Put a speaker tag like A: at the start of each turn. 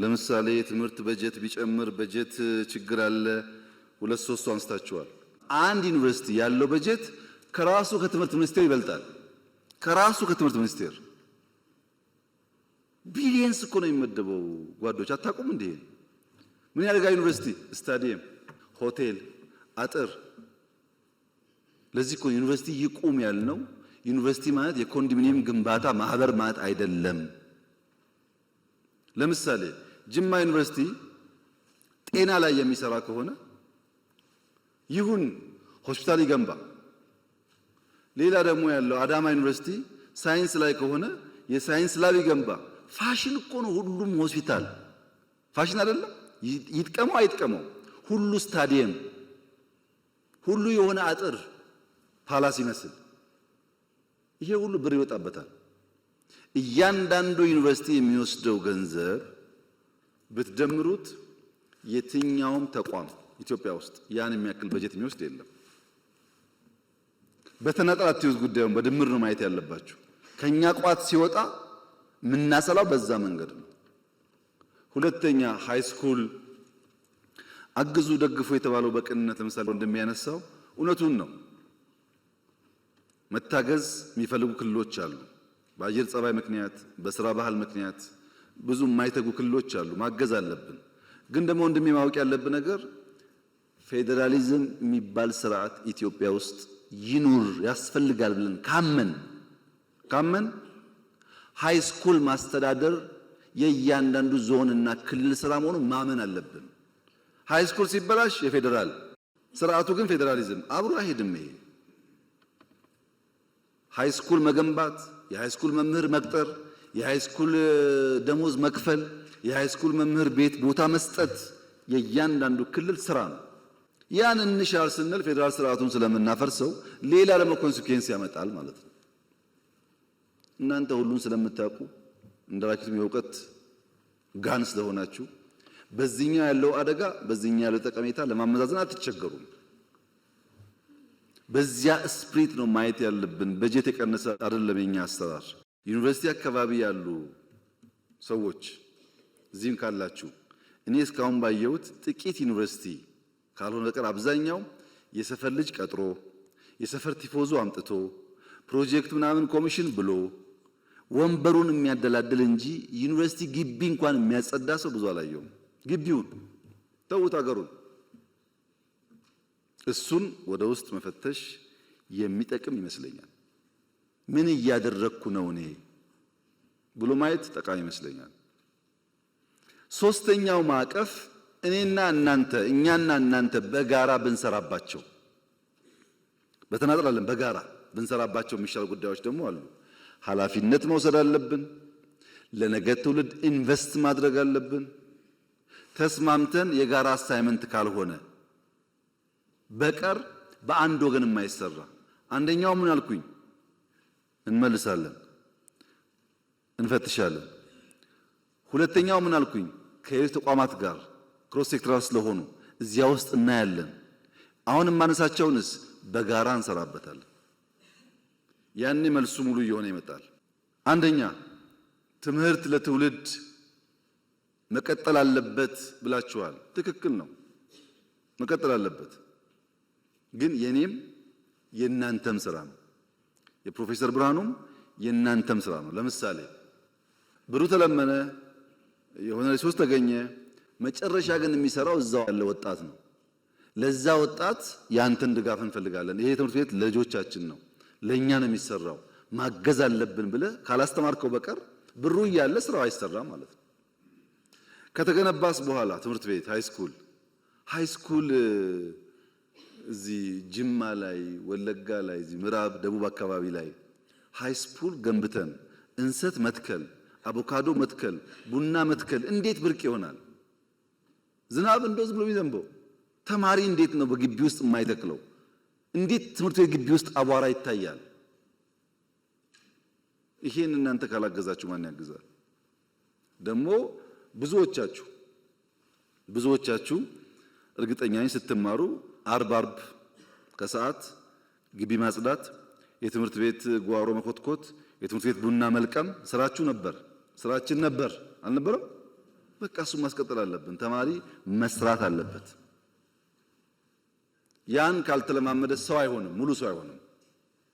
A: ለምሳሌ የትምህርት በጀት ቢጨምር በጀት ችግር አለ። ሁለት ሶስቱ አንስታችኋል። አንድ ዩኒቨርሲቲ ያለው በጀት ከራሱ ከትምህርት ሚኒስቴር ይበልጣል። ከራሱ ከትምህርት ሚኒስቴር ቢሊየንስ እኮ ነው የሚመደበው። ጓዶች አታውቁም እንዴ? ምን ያደርጋል ዩኒቨርሲቲ? ስታዲየም፣ ሆቴል፣ አጥር። ለዚህ እኮ ዩኒቨርሲቲ ይቁም ያልነው። ዩኒቨርሲቲ ማለት የኮንዶሚኒየም ግንባታ ማህበር ማለት አይደለም። ለምሳሌ ጅማ ዩኒቨርሲቲ ጤና ላይ የሚሰራ ከሆነ ይሁን ሆስፒታል ይገንባ። ሌላ ደግሞ ያለው አዳማ ዩኒቨርሲቲ ሳይንስ ላይ ከሆነ የሳይንስ ላብ ይገንባ። ፋሽን እኮ ነው ሁሉም ሆስፒታል ፋሽን አይደለም። ይጥቀመው አይጥቀመው፣ ሁሉ ስታዲየም፣ ሁሉ የሆነ አጥር ፓላስ ይመስል ይሄ ሁሉ ብር ይወጣበታል። እያንዳንዱ ዩኒቨርሲቲ የሚወስደው ገንዘብ ብትደምሩት የትኛውም ተቋም ኢትዮጵያ ውስጥ ያን የሚያክል በጀት የሚወስድ የለም። በተናጠል አትዩት፣ ጉዳዩን በድምር ነው ማየት ያለባችሁ። ከኛ ቋት ሲወጣ የምናሰላው በዛ መንገድ ነው። ሁለተኛ ሃይስኩል አግዙ ደግፎ የተባለው በቅንነት ለምሳሌ እንደሚያነሳው እውነቱን ነው። መታገዝ የሚፈልጉ ክልሎች አሉ። በአየር ጸባይ ምክንያት፣ በስራ ባህል ምክንያት ብዙ የማይተጉ ክልሎች አሉ። ማገዝ አለብን። ግን ደግሞ ወንድሜ ማወቅ ያለብን ነገር ፌዴራሊዝም የሚባል ስርዓት ኢትዮጵያ ውስጥ ይኑር ያስፈልጋል ብለን ካመን ካመን ሃይ ስኩል ማስተዳደር የእያንዳንዱ ዞንና ክልል ስራ መሆኑ ማመን አለብን። ሃይ ስኩል ሲበላሽ የፌዴራል ስርዓቱ ግን ፌዴራሊዝም አብሮ አይሄድም ይሄ ሃይስኩል መገንባት፣ የሃይስኩል መምህር መቅጠር፣ የሃይስኩል ደሞዝ መክፈል፣ የሃይስኩል መምህር ቤት ቦታ መስጠት የእያንዳንዱ ክልል ስራ ነው። ያን እንሻል ስንል ፌዴራል ስርዓቱን ስለምናፈርሰው ሌላ ደግሞ ኮንሲኩዌንስ ያመጣል ማለት ነው። እናንተ ሁሉን ስለምታውቁ እንደራችሁም የእውቀት ጋን ስለሆናችሁ በዚህኛው ያለው አደጋ በዚህኛው ያለው ጠቀሜታ ለማመዛዘን አትቸገሩም። በዚያ ስፕሪት ነው ማየት ያለብን። በጀት የቀነሰ አይደለም የኛ አሰራር። ዩኒቨርሲቲ አካባቢ ያሉ ሰዎች እዚህም ካላችሁ እኔ እስካሁን ባየሁት ጥቂት ዩኒቨርሲቲ ካልሆነ በቀር አብዛኛው የሰፈር ልጅ ቀጥሮ የሰፈር ቲፎዞ አምጥቶ ፕሮጀክት ምናምን ኮሚሽን ብሎ ወንበሩን የሚያደላድል እንጂ ዩኒቨርሲቲ ግቢ እንኳን የሚያጸዳ ሰው ብዙ አላየውም። ግቢውን ተዉት አገሩን እሱን ወደ ውስጥ መፈተሽ የሚጠቅም ይመስለኛል። ምን እያደረግኩ ነው እኔ ብሎ ማየት ጠቃሚ ይመስለኛል። ሶስተኛው ማዕቀፍ እኔና እናንተ እኛና እናንተ በጋራ ብንሰራባቸው፣ በተናጠላለን በጋራ ብንሰራባቸው የሚሻሉ ጉዳዮች ደግሞ አሉ። ኃላፊነት መውሰድ አለብን። ለነገ ትውልድ ኢንቨስት ማድረግ አለብን። ተስማምተን የጋራ አሳይመንት ካልሆነ በቀር በአንድ ወገን የማይሰራ አንደኛው ምን አልኩኝ፣ እንመልሳለን፣ እንፈትሻለን። ሁለተኛው ምን አልኩኝ፣ ከሌሎች ተቋማት ጋር ክሮስ ሴክተራል ስለሆኑ እዚያ ውስጥ እናያለን። አሁን የማነሳቸውንስ በጋራ እንሰራበታለን። ያኔ መልሱ ሙሉ እየሆነ ይመጣል። አንደኛ ትምህርት ለትውልድ መቀጠል አለበት ብላችኋል። ትክክል ነው፣ መቀጠል አለበት። ግን የኔም የእናንተም ስራ ነው። የፕሮፌሰር ብርሃኑም የእናንተም ስራ ነው። ለምሳሌ ብሩ ተለመነ የሆነ ሪሶርስ ተገኘ፣ መጨረሻ ግን የሚሰራው እዛው ያለ ወጣት ነው። ለዛ ወጣት የአንተን ድጋፍ እንፈልጋለን። ይሄ ትምህርት ቤት ለልጆቻችን ነው፣ ለእኛ ነው የሚሰራው፣ ማገዝ አለብን ብለ ካላስተማርከው በቀር ብሩ እያለ ስራው አይሰራ ማለት ነው። ከተገነባስ በኋላ ትምህርት ቤት ሃይስኩል ሃይስኩል እዚህ ጅማ ላይ ወለጋ ላይ እዚህ ምዕራብ ደቡብ አካባቢ ላይ ሃይስፑል ገንብተን እንሰት መትከል፣ አቮካዶ መትከል፣ ቡና መትከል እንዴት ብርቅ ይሆናል? ዝናብ እንደው ዝም ብሎ የሚዘንበው ተማሪ እንዴት ነው በግቢ ውስጥ የማይተክለው? እንዴት ትምህርት ቤት ግቢ ውስጥ አቧራ ይታያል? ይሄን እናንተ ካላገዛችሁ ማን ያግዛል? ደግሞ ብዙዎቻችሁ ብዙዎቻችሁ እርግጠኛ ስትማሩ አርብ አርብ ከሰዓት ግቢ ማጽዳት፣ የትምህርት ቤት ጓሮ መኮትኮት፣ የትምህርት ቤት ቡና መልቀም ስራችሁ ነበር፣ ስራችን ነበር። አልነበረም? በቃ እሱ ማስቀጠል አለብን። ተማሪ መስራት አለበት። ያን ካልተለማመደ ሰው አይሆንም፣ ሙሉ ሰው አይሆንም።